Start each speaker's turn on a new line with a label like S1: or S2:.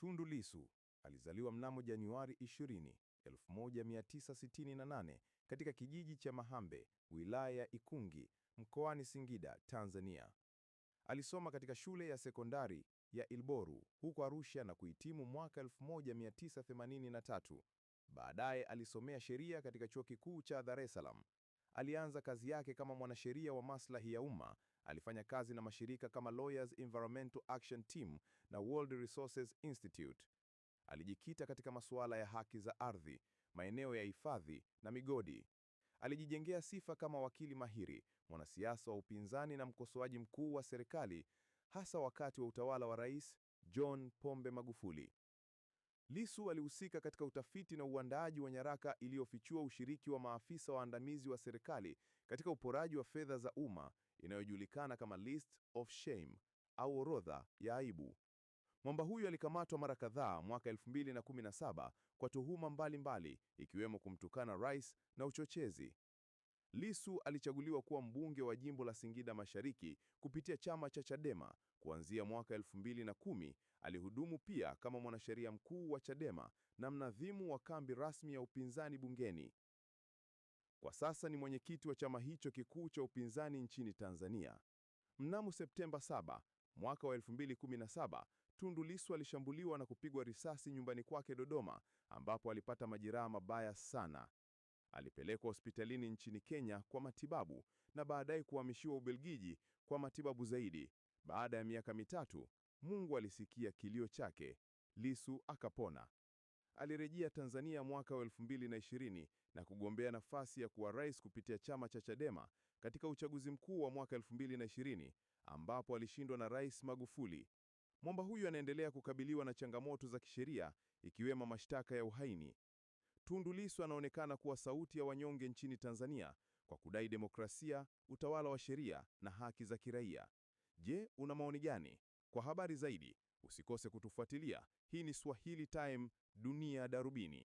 S1: Tundu Lissu alizaliwa mnamo Januari 20, 1968 katika kijiji cha Mahambe, wilaya ya Ikungi, mkoani Singida, Tanzania. Alisoma katika shule ya sekondari ya Ilboru huko Arusha na kuhitimu mwaka 1983. Baadaye alisomea sheria katika Chuo Kikuu cha Dar es Salaam. Alianza kazi yake kama mwanasheria wa maslahi ya umma Alifanya kazi na mashirika kama Lawyers Environmental Action Team na World Resources Institute. Alijikita katika masuala ya haki za ardhi, maeneo ya hifadhi na migodi. Alijijengea sifa kama wakili mahiri, mwanasiasa wa upinzani na mkosoaji mkuu wa serikali, hasa wakati wa utawala wa Rais John Pombe Magufuli. Lissu alihusika katika utafiti na uandaaji wa nyaraka iliyofichua ushiriki wa maafisa waandamizi wa serikali katika uporaji wa fedha za umma inayojulikana kama List of Shame au orodha ya aibu. Mwamba huyu alikamatwa mara kadhaa mwaka 2017 kwa tuhuma mbalimbali mbali, ikiwemo kumtukana rais na uchochezi. Lissu alichaguliwa kuwa mbunge wa jimbo la Singida Mashariki kupitia chama cha Chadema. Kuanzia mwaka 2010 alihudumu pia kama mwanasheria mkuu wa Chadema na mnadhimu wa kambi rasmi ya upinzani bungeni. Kwa sasa ni mwenyekiti wa chama hicho kikuu cha upinzani nchini Tanzania. Mnamo Septemba 7 mwaka wa 2017, Tundu Lissu alishambuliwa na kupigwa risasi nyumbani kwake Dodoma, ambapo alipata majeraha mabaya sana. Alipelekwa hospitalini nchini Kenya kwa matibabu na baadaye kuhamishiwa Ubelgiji kwa matibabu zaidi. Baada ya miaka mitatu, Mungu alisikia kilio chake. Lissu akapona. Alirejea Tanzania mwaka wa 2020 na kugombea nafasi ya kuwa rais kupitia chama cha Chadema katika uchaguzi mkuu wa mwaka 2020 ambapo alishindwa na Rais Magufuli. Mwamba huyu anaendelea kukabiliwa na changamoto za kisheria ikiwemo mashtaka ya uhaini, Tundu Lissu anaonekana kuwa sauti ya wanyonge nchini Tanzania kwa kudai demokrasia, utawala wa sheria na haki za kiraia. Je, una maoni gani? Kwa habari zaidi usikose kutufuatilia. Hii ni Swahili Time, Dunia Darubini.